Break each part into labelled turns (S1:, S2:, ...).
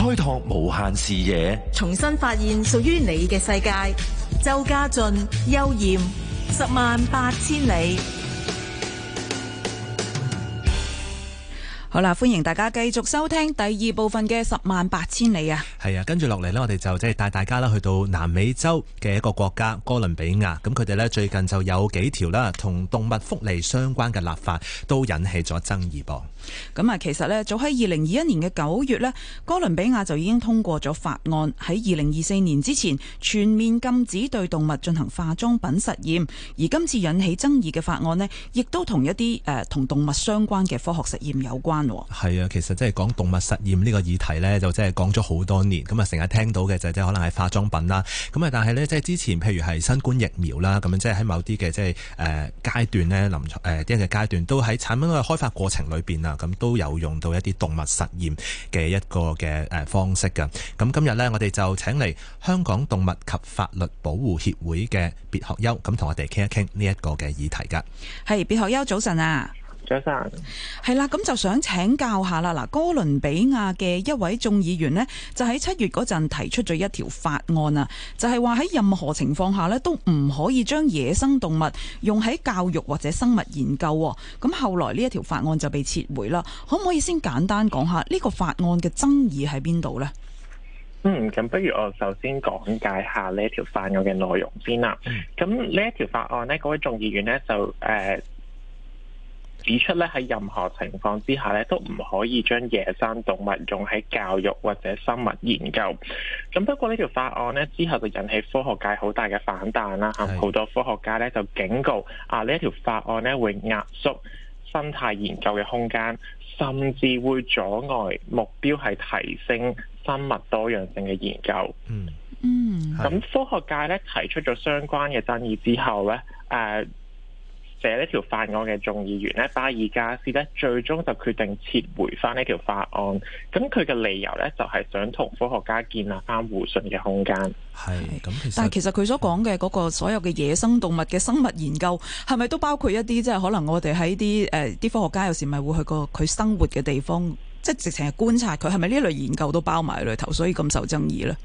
S1: 開拓無限視野，
S2: 重新發現屬於你嘅世界。周家俊、悠艷，十萬八千里。好啦，歡迎大家繼續收聽第二部分嘅《十萬八千里》啊！
S1: 係啊，跟住落嚟呢，我哋就即係帶大家啦去到南美洲嘅一個國家——哥倫比亞。咁佢哋呢，最近就有幾條啦，同動物福利相關嘅立法都引起咗爭議噃。咁啊，其實呢早喺二零二一
S2: 年嘅九月呢，哥倫比亞就已經通過咗法案，喺二零二四年之前全面禁止對動物進行化妝品實驗。而今次引起爭議嘅法案呢，亦都同一啲誒同動物相關嘅科學實驗有關。
S1: 係啊，其實即係講動物實驗呢個議題呢，就即係講咗好多年。咁啊，成日聽到嘅就即係可能係化妝品啦。咁啊，但係呢，即係之前，譬如係新冠疫苗啦，咁樣即係喺某啲嘅即係誒階段呢，臨誒一嘅階段，都喺產品嘅開發過程裏邊啊。咁都有用到一啲動物實驗嘅一個嘅誒方式噶。咁今日呢，我哋就請嚟香港動物法律及保護協會嘅別學優，咁同我哋傾一傾呢一個嘅議題噶。
S2: 係，別學優早晨啊！張生係啦，咁就想請教下啦。嗱，哥倫比亞嘅一位眾議員呢，就喺七月嗰陣提出咗一條法案啊，就係話喺任何情況下呢，都唔可以將野生動物用喺教育或者生物研究。咁後來呢一條法案就被撤回啦。可唔可以先簡單講下呢個法案嘅爭議喺邊度呢？
S3: 嗯，咁不如我首先講解下呢一條法案嘅內容先啦。咁呢一條法案呢，嗰位眾議員呢，就誒。呃指出咧，喺任何情況之下咧，都唔可以將野生動物用喺教育或者生物研究。咁不過呢條法案咧，之後就引起科學界好大嘅反彈啦。係，好多科學家咧就警告啊，呢一條法案咧會壓縮生態研究嘅空間，甚至會阻礙目標係提升生物多樣性嘅研究。嗯
S1: 嗯。
S3: 咁科學界咧提出咗相關嘅爭議之後咧，呃寫呢條法案嘅眾議員咧，巴爾加斯咧，最終就決定撤回翻呢條法案。咁佢嘅理由咧，就係想同科學家建立翻互信嘅空間。係咁，
S1: 但係其
S2: 實佢所講嘅嗰個所有嘅野生動物嘅生物研究，係咪都包括一啲即係可能我哋喺啲誒啲科學家有時咪會去過佢生活嘅地方，即係直情係觀察佢，係咪呢類
S3: 研究都包埋裏頭，所以咁受爭議咧。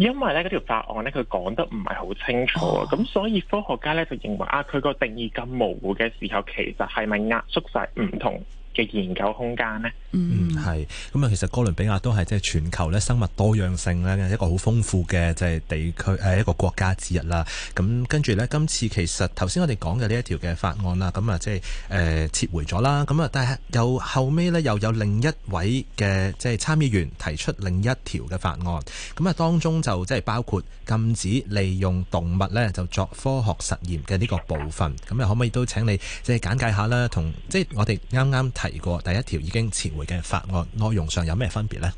S3: 因為咧條條答案咧佢講得唔係好清楚，咁、oh. 所以科學家咧就認為啊佢個定義咁模糊嘅時候，其實係咪壓縮晒唔同嘅研究空間
S1: 咧，嗯，係咁啊！其實哥倫比亞都係即係全球咧生物多樣性咧一個好豐富嘅即係地區誒一個國家之一啦。咁跟住咧，今次其實頭先我哋講嘅呢一條嘅法案啦，咁啊即係誒、呃、撤回咗啦。咁啊，但係又後尾咧又有另一位嘅即係參議員提出另一條嘅法案。咁啊，當中就即係包括禁止利用動物咧就作科學實驗嘅呢個部分。咁啊，可唔可以都請你即係簡介下啦？同即係我哋啱啱提。嚟過，第一條已經撤回嘅法案，內容上有咩分別呢？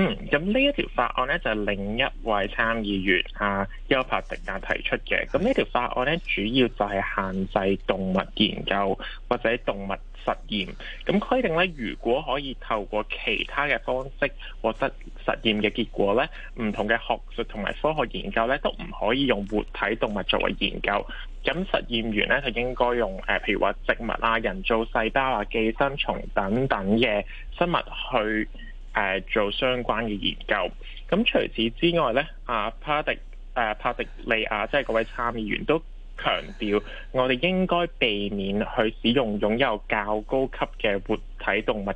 S3: 嗯，咁呢一條法案咧就係、另一位參議員啊休柏、啊、迪亞提出嘅。咁呢條法案咧主要就係限制動物研究或者動物實驗。咁規定咧，如果可以透過其他嘅方式獲得實驗嘅結果咧，唔同嘅學術同埋科學研究咧都唔可以用活體動物作為研究。咁實驗員咧就應該用、呃、譬如話植物啊、人造細胞啊、寄生蟲等等嘅生物去，誒做相關嘅研究，咁除此之外咧，阿帕迪誒帕迪利亞即係嗰位參議員都強調，我哋應該避免去使用擁有較高級嘅活體動物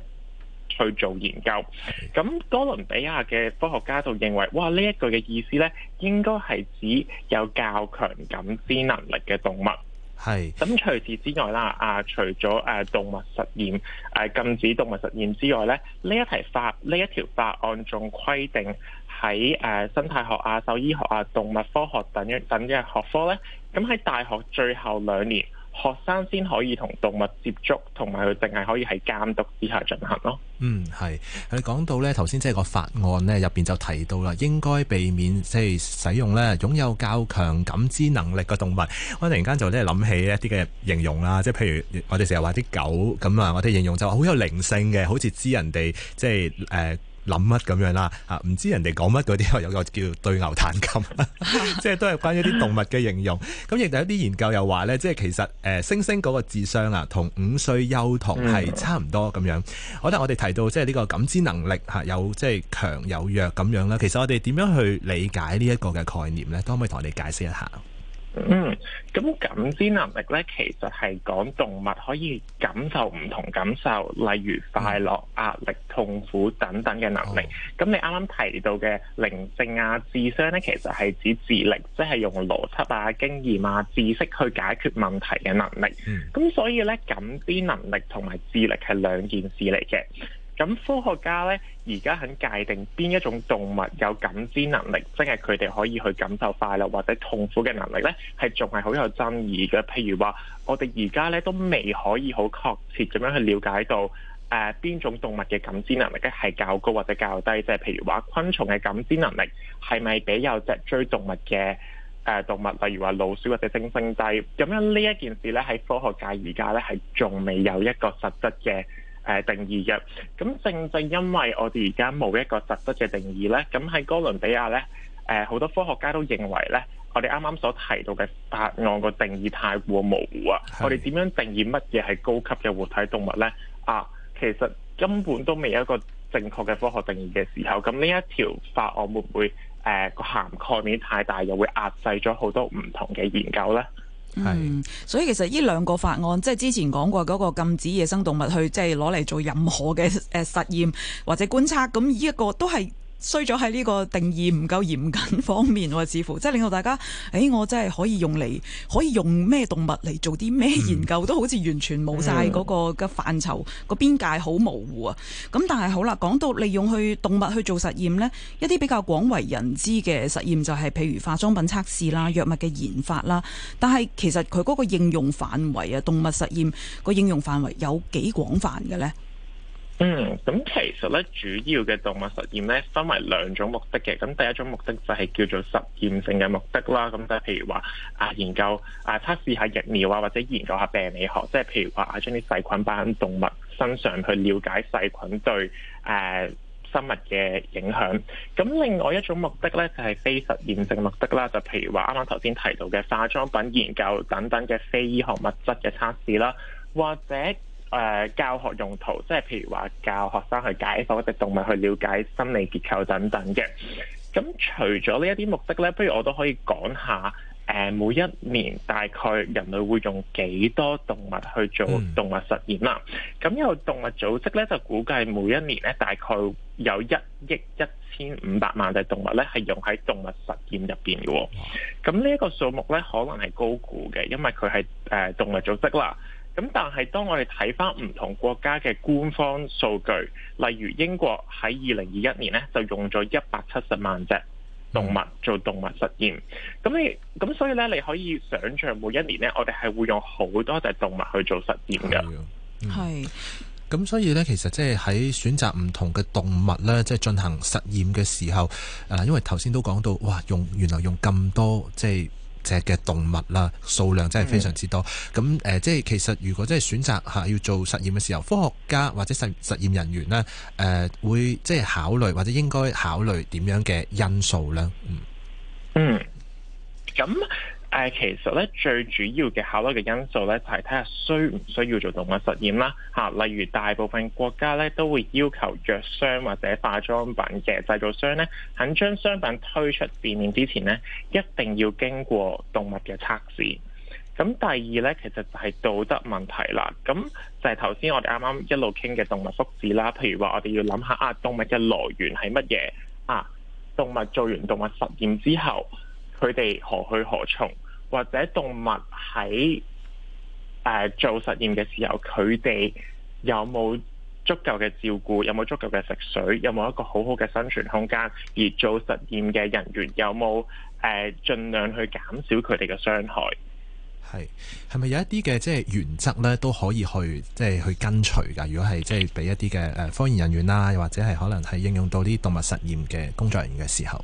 S3: 去做研究。咁哥倫比亞嘅科學家就認為，哇呢一句嘅意思咧，應該係指有較強感知能力嘅動物。係咁，除此之外啦，啊，除咗誒動物實驗誒禁止動物實驗之外咧，呢一題法呢一條法案仲規定喺誒生態學啊、獸醫學啊、動物科學等等嘅學科咧，咁喺大學最後兩年。學生先可以同動物接觸，同埋佢淨係可以喺監督之下進行咯。嗯，
S1: 係。佢講到呢頭先，即係個法案呢入面就提到啦，應該避免即係使用呢擁有較強感知能力嘅動物。我突然間就係諗起一啲嘅形容啦，即係譬如我哋成日話啲狗咁啊，我哋形容就好有靈性嘅，好似知人哋即係誒。呃諗乜咁樣啦？嚇，唔知人哋講乜嗰啲，有個叫對牛彈琴，即 係都係關於啲動物嘅形容。咁亦都有啲研究又話呢，即係其實誒，猩猩嗰個智商啊，同五歲幼童係差唔多咁樣。好 得我哋提到即係呢個感知能力吓，有即係強有弱咁樣啦。其實我哋點樣去理解呢一個嘅概念呢？都可唔可以同我哋解釋一下？
S3: 嗯，咁感知能力咧，其實係講動物可以感受唔同感受，例如快樂、壓力、痛苦等等嘅能力。咁、哦、你啱啱提到嘅靈性啊、智商咧，其實係指智力，即、就、係、是、用邏輯啊、經驗啊、知識去解決問題嘅能力。咁、嗯、所以咧，感知能力同埋智力係兩件事嚟嘅。咁科學家咧，而家肯界定邊一種動物有感知能力，即係佢哋可以去感受快樂或者痛苦嘅能力咧，係仲係好有爭議嘅。譬如話，我哋而家咧都未可以好確切咁樣去了解到，誒、呃、邊種動物嘅感知能力咧係較高或者較低。即係譬如話昆蟲嘅感知能力係咪比有脊椎動物嘅誒、呃、動物，例如話老鼠或者猩猩低？咁樣呢一件事咧，喺科學界而家咧係仲未有一個實質嘅，誒、呃、定義嘅，咁正正因為我哋而家冇一個實質嘅定義咧，咁喺哥倫比亞咧，誒、呃、好多科學家都認為咧，我哋啱啱所提到嘅法案個定義太過模糊啊！我哋點樣定義乜嘢係高級嘅活體動物咧？啊，其實根本都未有一個正確嘅科學定義嘅時候，咁呢一條法案會唔會誒個涵蓋面太大，又會壓制咗好多唔同嘅研究咧？
S2: 嗯，所以其實呢兩個法案，即係之前講過嗰個禁止野生動物去即係攞嚟做任何嘅誒實驗或者觀察，咁呢一個都係。衰咗喺呢個定義唔夠嚴謹方面喎，似乎即係令到大家，誒、哎，我真係可以用嚟可以用咩動物嚟做啲咩研究，嗯、都好似完全冇晒嗰個嘅範疇、嗯個邊界好模糊啊！咁但係好啦，講到利用去動物去做實驗呢，一啲比較廣為人知嘅實驗就係、是、譬如化妝品測試啦、藥物嘅研發啦，但係其實佢嗰個應用範圍啊，動物實驗個應用範圍有幾廣泛嘅呢？
S3: 嗯，咁其實咧，主要嘅動物實驗咧，分為兩種目的嘅。咁第一種目的就係叫做實驗性嘅目的啦。咁就譬如話，啊研究啊測試下疫苗啊，或者研究下病理學，即係譬如話啊將啲細菌擺喺動物身上去了解細菌對誒生物嘅影響。咁另外一種目的咧，就係非實驗性目的啦。就譬如話啱啱頭先提到嘅化妝品研究等等嘅非醫學物質嘅測試啦，或者，誒、呃、教學用途，即係譬如話教學生去解剖一隻動物，去了解生理結構等等嘅。咁除咗呢一啲目的咧，不如我都可以講下、呃、每一年大概人類會用幾多動物去做動物實驗啦。咁、嗯、有動物組織咧，就估計每一年咧大概有一億一千五百萬隻動物咧係用喺動物實驗入邊嘅。咁呢一個數目咧可能係高估嘅，因為佢係誒動物組織啦。咁但係當我哋睇翻唔同國家嘅官方數據，例如英國喺二零二一年呢，就用咗一百七十萬隻動物做動物實驗。咁、嗯、你咁所以呢，你可以想象每一年呢，我哋係會用好多隻動物去做實驗噶。
S1: 係。咁、嗯、所以呢，其實即係喺選擇唔同嘅動物呢，即係進行實驗嘅時候，啊、因為頭先都講到，哇，用原來用咁多即係。就是隻嘅動物啦，數量真係非常之多。咁、嗯、誒，即係其實如果即係選擇吓要做實驗嘅時候，科學家或者實實驗人員呢，誒會即係考慮或者應該考慮點樣嘅因素呢？嗯嗯，
S3: 咁。誒，其實咧最主要嘅考慮嘅因素咧，就係睇下需唔需要做動物實驗啦。嚇，例如大部分國家咧都會要求藥商或者化妝品嘅製造商咧，喺將商品推出市面之前咧，一定要經過動物嘅測試。咁第二咧，其實就係道德問題啦。咁就係頭先我哋啱啱一路傾嘅動物福祉啦。譬如話，我哋要諗下啊，動物嘅來源係乜嘢啊？動物做完動物實驗之後。佢哋何去何從，或者動物喺誒、呃、做實驗嘅時候，佢哋有冇足夠嘅照顧，有冇足夠嘅食水，有冇一個好好嘅生存空間？而做實驗嘅人員有冇誒、呃、盡量去減少佢哋嘅傷害？係
S1: 係咪有一啲嘅即係原則咧都可以去即係、就是、去跟隨㗎？如果係即係俾一啲嘅誒科研人員啦，又或者係可能係應用到啲動物實驗嘅工作人員嘅時候？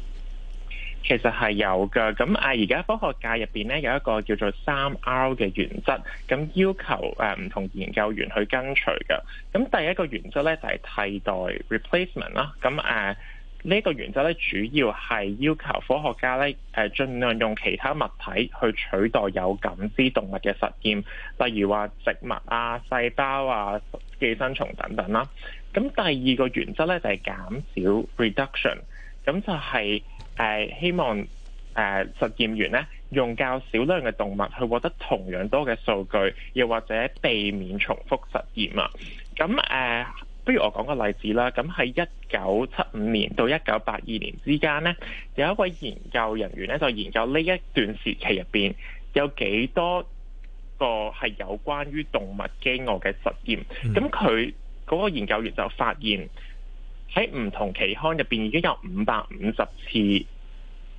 S3: 其實係有嘅。咁誒，而家科學界入邊咧有一個叫做三 R 嘅原則，咁要求誒唔同研究員去跟隨嘅。咁第一個原則咧就係替代 （replacement） 啦。咁誒呢個原則咧主要係要求科學家咧誒盡量用其他物體去取代有感知動物嘅實驗，例如話植物啊、細胞啊、寄生蟲等等啦。咁第二個原則咧就係減少 （reduction），咁就係、是。誒希望誒、呃、實驗員咧用較少量嘅動物去獲得同樣多嘅數據，又或者避免重複實驗啊。咁誒、呃，不如我講個例子啦。咁喺一九七五年到一九八二年之間咧，有一位研究人員咧就研究呢一段時期入邊有幾多個係有關於動物饑餓嘅實驗。咁佢嗰個研究員就發現，喺唔同期刊入邊已經有五百五十次誒、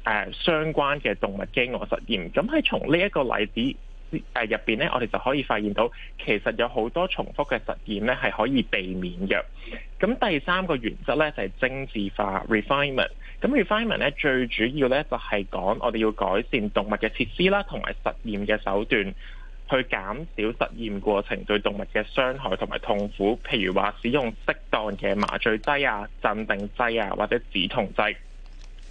S3: uh, 相關嘅動物飢餓實驗，咁喺從呢一個例子誒入邊咧，我哋就可以發現到其實有好多重複嘅實驗咧係可以避免嘅。咁第三個原則咧就係精緻化 refinement。咁 refinement 咧最主要咧就係、是、講我哋要改善動物嘅設施啦，同埋實驗嘅手段。去減少實驗過程對動物嘅傷害同埋痛苦，譬如話使用適當嘅麻醉劑啊、鎮定劑啊或者止痛劑。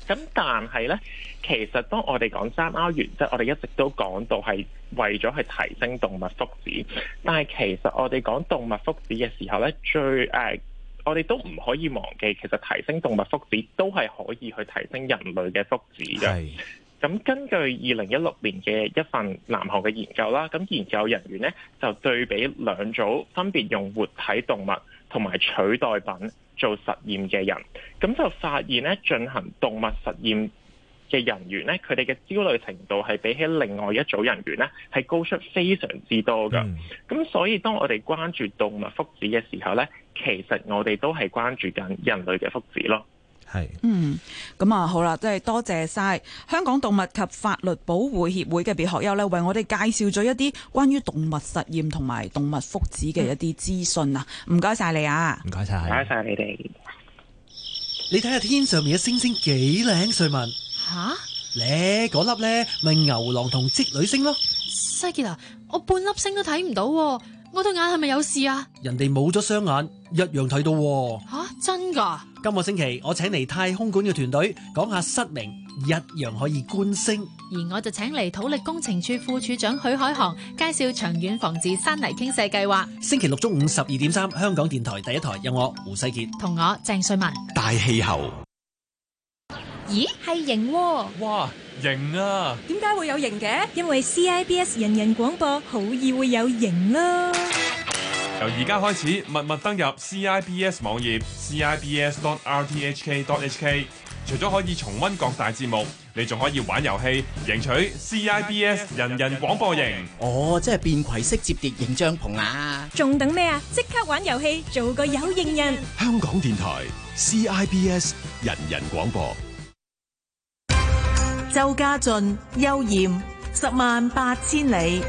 S3: 咁但係呢，其實當我哋講三 R 原則，我哋一直都講到係為咗去提升動物福祉。但係其實我哋講動物福祉嘅時候呢，最誒，uh, 我哋都唔可以忘記，其實提升動物福祉都係可以去提升人類嘅福祉嘅。咁根據二零一六年嘅一份南韓嘅研究啦，咁研究人員咧就對比兩組分別用活體動物同埋取代品做實驗嘅人，咁就發現咧進行動物實驗嘅人員咧，佢哋嘅焦慮程度係比起另外一組人員咧係高出非常之多噶。咁所以當我哋關注動物福祉嘅時候咧，其實我哋都係關注緊人類嘅福祉咯。係
S2: 嗯咁啊好啦，即係多謝晒香港動物及法律保護協會嘅別學優，咧，為我哋介紹咗一啲關於動物實驗同埋動物福祉嘅一啲資訊啊！唔該晒你啊，唔該
S3: 晒，唔該晒你
S1: 哋。你睇下天上面嘅星星幾靚，瑞文吓咧，你嗰粒咧，咪牛郎同織女星咯。西杰娜，啊，我半粒星都睇唔到，
S2: 啊，我對眼係咪有事啊？
S1: 人哋冇咗雙眼一樣睇到，啊，吓真噶。今個星期我請嚟太空館嘅團隊講下失明一樣可以觀
S2: 星，而我就請嚟土力工程處副處長許海航介紹長遠防治山
S1: 泥傾瀉計劃。星期六中午十二點三，香港電台第一台，有我胡世杰，同我鄭瑞文。
S3: 大氣候？
S1: 咦，係型喎？哇，
S3: 型啊！
S2: 點解會有型嘅？因為 CIBS 人人廣播好易會有型啦。
S3: 由而家開始，密密登入 CIBS 網頁 cibs.dot.rthk.dot.hk，除咗可以重溫各大節目，你仲可以玩遊戲贏取 CIBS 人人廣播型哦！Oh, 真係便攜式摺疊型帳篷啊！
S2: 仲等咩啊？即刻玩遊戲，做個有型人！
S3: 香港電台 CIBS 人人廣播，
S2: 周家俊、悠艷，十萬八千里。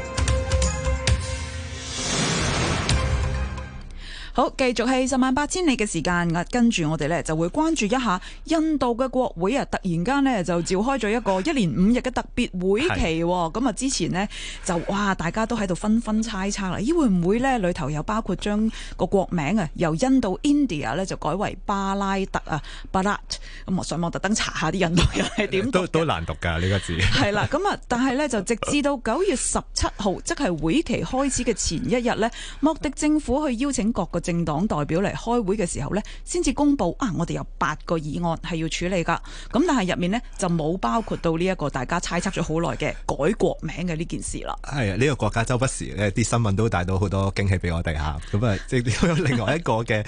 S2: 好，繼續係《十萬八千里》嘅時間啊！跟住我哋咧就會關注一下印度嘅國會啊！突然間咧就召開咗一個一連五日嘅特別會期，咁 啊、哦、之前咧就哇大家都喺度紛紛猜測啦，咦會唔會咧裏頭又包括將個國名啊由印度 India 咧就改為巴拉特啊，巴拉特咁啊上網特登查下啲印度人係
S1: 點都都難讀㗎呢 個字。
S2: 係啦，咁、嗯、啊但係咧就直至到九月十七號即係會期開始嘅前一日咧，莫迪政府去邀請各個。政政黨代表嚟開會嘅時候咧，先至公布啊！我哋有八個議案係要處理噶，咁但係入面咧就冇包括到呢一個大家猜測咗好耐嘅改國名嘅呢件事啦。
S1: 係啊，呢、這個國家周不時咧啲新聞都帶到好多驚喜俾我哋吓，咁啊即係、就是、有另外一個嘅誒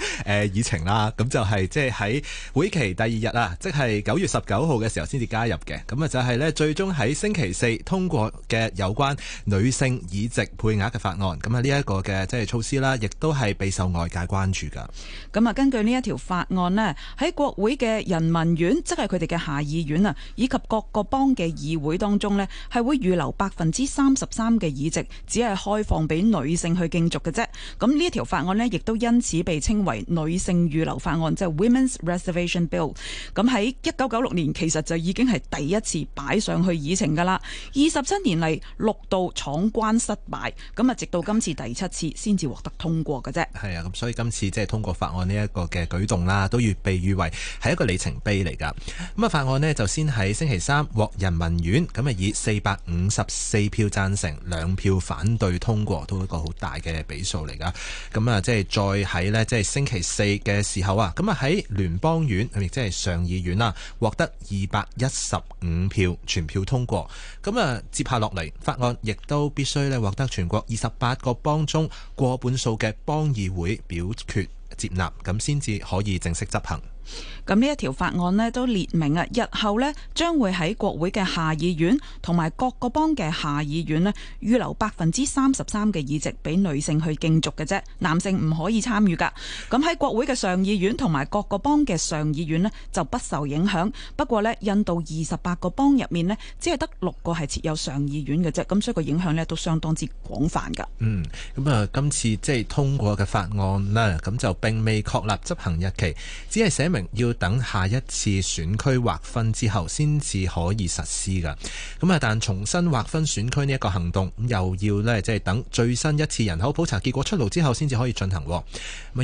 S1: 議程啦，咁 就係即係喺會期第二、就是、日啊，即係九月十九號嘅時候先至加入嘅，咁啊就係咧最終喺星期四通過嘅有關女性議席配額嘅法案，咁啊呢一個嘅即係措施啦，亦都係備受外。外界關注噶，
S2: 咁啊，根據呢一條法案咧，喺國會嘅人民院，即係佢哋嘅下議院啊，以及各個邦嘅議會當中咧，係會預留百分之三十三嘅議席，只係開放俾女性去競逐嘅啫。咁呢一條法案呢，亦都因此被稱為女性預留法案，即係 Women’s Reservation Bill。咁喺一九九六年，其實就已經係第一次擺上去議程噶啦，二十七年嚟六度闖關失敗，咁啊，直到今次第七次先至獲得通
S1: 過嘅啫。係啊。所以今次即係通過法案呢一個嘅舉動啦，都要被譽為係一個里程碑嚟噶。咁啊，法案咧就先喺星期三獲人民院咁啊以四百五十四票讚成，兩票反對通過都一個好大嘅比數嚟噶。咁啊，即係再喺咧即係星期四嘅時候啊，咁啊喺聯邦院，亦即係上議院啦，獲得二百一十五票全票通過。咁啊，接下落嚟法案亦都必須咧獲得全國二十八個邦中過半數嘅邦議會。表決接納，咁先至可以正式執行。
S2: 咁呢一條法案呢都列明啊，日後呢將會喺國會嘅下議院同埋各個邦嘅下議院呢預留百分之三十三嘅議席俾女性去競逐嘅啫，男性唔可以參與噶。咁喺國會嘅上議院同埋各個邦嘅上議院呢就不受影響。不過呢，印度二十八個邦入面呢，只係得六個係設有上議院嘅啫，咁所以個影響呢都相當之廣泛噶。
S3: 嗯，咁啊，
S1: 今次即係通過嘅法案啦，咁就並未確立執行日期，只係寫。要等下一次選區劃分之後，先至可以實施㗎。咁啊，但重新劃分選區呢一個行動，咁又要咧，即係等最新一次人口普查結果出爐之後，先至可以進行。咁啊，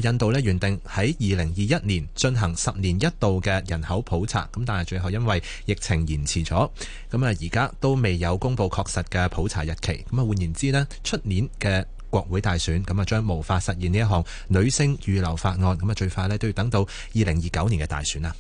S1: 印度呢原定喺二零二一年進行十年一度嘅人口普查，咁但係最後因為疫情延遲咗，咁啊而家都未有公布確實嘅普查日期。咁啊，換言之呢出年嘅國會大選咁啊，將無法實現呢一項女性預留法案。咁啊，最快咧都要等到二零二九年嘅大選啊。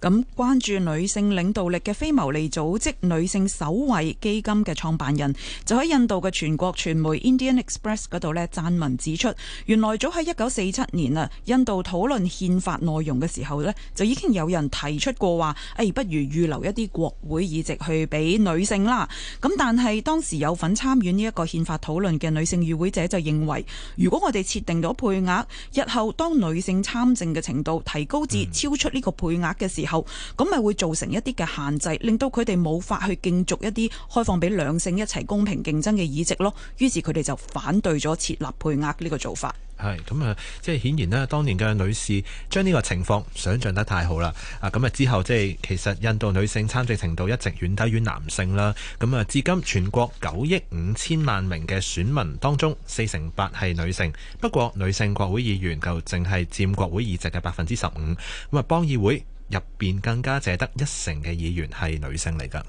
S2: 咁關注女性領導力嘅非牟利組織女性首位基金嘅創辦人，就喺印度嘅全國傳媒 Indian Express 嗰度呢撰文指出，原來早喺一九四七年啊，印度討論憲法內容嘅時候呢，就已經有人提出過話，哎，不如預留一啲國會議席去俾女性啦。咁但係當時有份參與呢一個憲法討論嘅女性與會者。就認為，如果我哋設定咗配額，日後當女性參政嘅程度提高至超出呢個配額嘅時候，咁、嗯、咪會造成一啲嘅限制，令到佢哋冇法去競逐一啲開放俾兩性一齊公平競爭嘅議席咯。於是佢哋就反對咗設立配額呢個做法。
S1: 係咁啊！即係顯然咧，當年嘅女士將呢個情況想像得太好啦！啊咁啊之後，即係其實印度女性參政程度一直遠低於男性啦。咁啊，至今全國九億五千萬名嘅選民當中，四成八係女性。不過女性國會議員就淨係佔國會議席嘅百分之十五。咁啊，邦議會入面更加借得一成嘅議員係女性嚟㗎。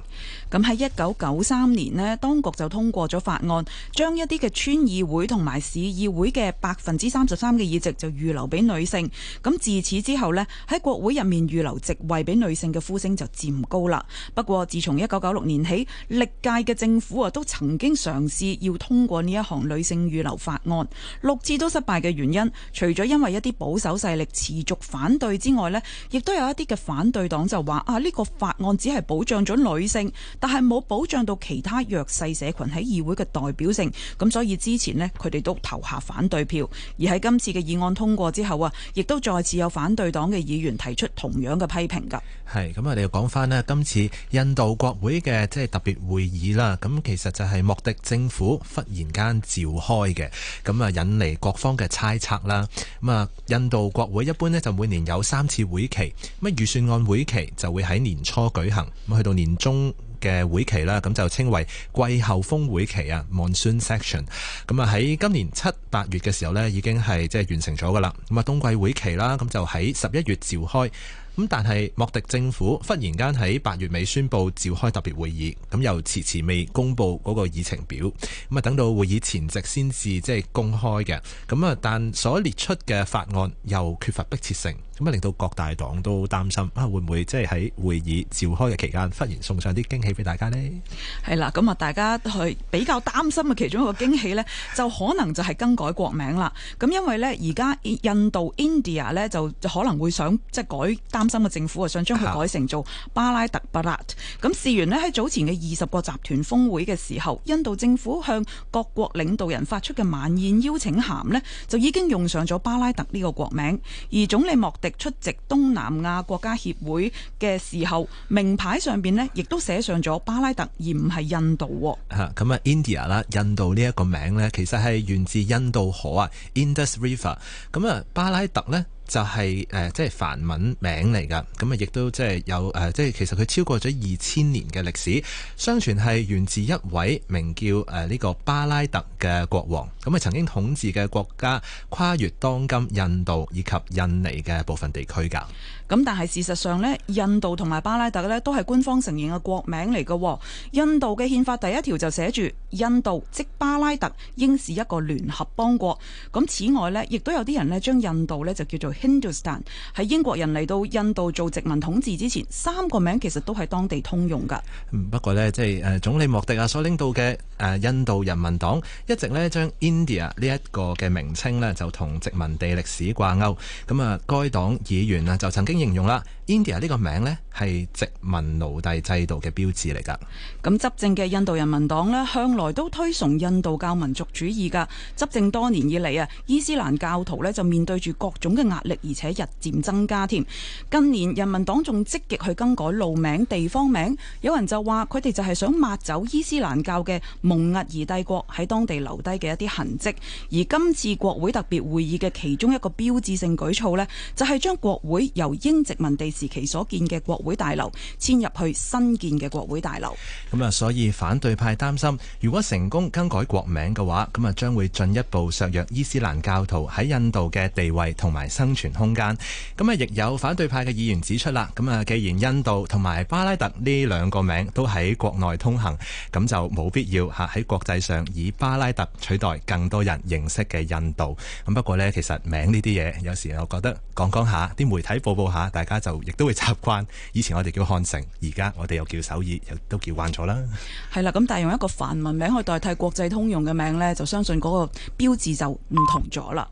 S1: 咁喺一九
S2: 九三年呢，當局就通過咗法案，將一啲嘅村議會同埋市議會嘅百分之三十三嘅議席就預留俾女性。咁自此之後呢，喺國會入面預留席位俾女性嘅呼聲就漸高啦。不過，自從一九九六年起，歷屆嘅政府啊都曾經嘗試要通過呢一項女性預留法案，六次都失敗嘅原因，除咗因為一啲保守勢力持續反對之外，呢亦都有一啲。嘅反對黨就話啊，呢個法案只係保障咗女性，但係冇保障到其他弱勢社群喺議會嘅代表性。咁所以之前呢，佢哋都投下反對票，而喺今次嘅議案通過之後啊，亦都再次有反對黨嘅議員提出
S1: 同樣嘅批評㗎。係咁，我哋又講翻啦。今次印度國會嘅即係特別會議啦。咁其實就係莫迪政府忽然間召開嘅，咁啊引嚟各方嘅猜測啦。咁啊，印度國會一般呢，就每年有三次會期，乜預預算案會期就會喺年初舉行，咁去到年中嘅會期啦，咁就稱為季後峰會期啊 （monsoon s e c t i o n 咁啊喺今年七八月嘅時候呢，已經係即係完成咗噶啦。咁啊冬季會期啦，咁就喺十一月召開。咁但係莫迪政府忽然間喺八月尾宣佈召開特別會議，咁又遲遲未公布嗰個議程表，咁啊等到會議前夕先至即係公開嘅，咁啊但所列出嘅法案又缺乏迫切性。咁啊，令到各大黨都擔心啊，會唔會即係喺會議召開嘅期間，忽然送上啲驚喜俾大家呢？
S2: 係啦，咁啊，大家去比較擔心嘅其中一個驚喜呢， 就可能就係更改國名啦。咁因為呢，而家印度 India 呢，印度就可能會想即係改擔心嘅政府啊，想將佢改成做巴拉特、巴拉特。咁、啊、事源呢，喺早前嘅二十國集團峰會嘅時候，印度政府向各國領導人發出嘅晚宴邀請函呢，就已經用上咗巴拉特呢個國名，而總理莫迪。出席東南亞國家協會嘅時候，名牌上邊呢亦都寫上咗巴拉特，而唔係印度。
S1: 吓，咁啊，India 啦、嗯，印度呢一個名呢，其實係源自印度河啊，Indus River。咁啊，巴拉特呢。就係、是、誒、呃，即係梵文名嚟㗎，咁啊，亦都即係有誒，即係其實佢超過咗二千年嘅歷史，相傳係源自一位名叫誒呢個巴拉特嘅國王，咁啊曾經統治嘅國家跨越當今印度以及印尼嘅部分地區㗎。咁
S2: 但係事實上呢，印度同埋巴拉特咧都係官方承認嘅國名嚟嘅。印度嘅憲法第一條就寫住印度即巴拉特應是一個聯合邦國。咁此外呢，亦都有啲人呢將印度呢就叫做 Hindustan。喺英國人嚟到印度做殖民統治之前，三個名其實都係當地通用㗎。嗯，
S1: 不過呢，即係誒總理莫迪啊所領導嘅誒、啊、印度人民黨一直呢將 India 呢一個嘅名稱呢就同殖民地歷史掛鈎。咁啊，該黨議員啊就曾經，形容啦，India 呢個名咧，係殖民奴隸制度嘅標誌嚟噶。咁執
S2: 政嘅印度人民黨呢，向來都推崇印度教民族主義噶。執政多年以嚟啊，伊斯蘭教徒呢就面對住各種嘅壓力，而且日漸增加添。近年人民黨仲積極去更改路名、地方名，有人就話佢哋就係想抹走伊斯蘭教嘅蒙兀兒帝國喺當地留低嘅一啲痕跡。而今次國會特別會議嘅其中一個標誌性舉措呢，就係、是、將國會由英殖民地時期所建嘅國。會大樓遷入去新建嘅國會大樓。
S1: 咁啊，所以反對派擔心，如果成功更改國名嘅話，咁啊，將會進一步削弱伊斯蘭教徒喺印度嘅地位同埋生存空間。咁啊，亦有反對派嘅議員指出啦，咁啊，既然印度同埋巴拉特呢兩個名都喺國內通行，咁就冇必要吓喺國際上以巴拉特取代更多人認識嘅印度。咁不過咧，其實名呢啲嘢，有時我覺得講講下，啲媒體報報下，大家就亦都會習慣。以前我哋叫漢城，而家我哋又叫首爾，又都叫慣咗啦。
S2: 係啦，咁但係用一個梵文名去代替國際通用嘅名咧，就相信嗰個標誌就唔
S1: 同咗啦。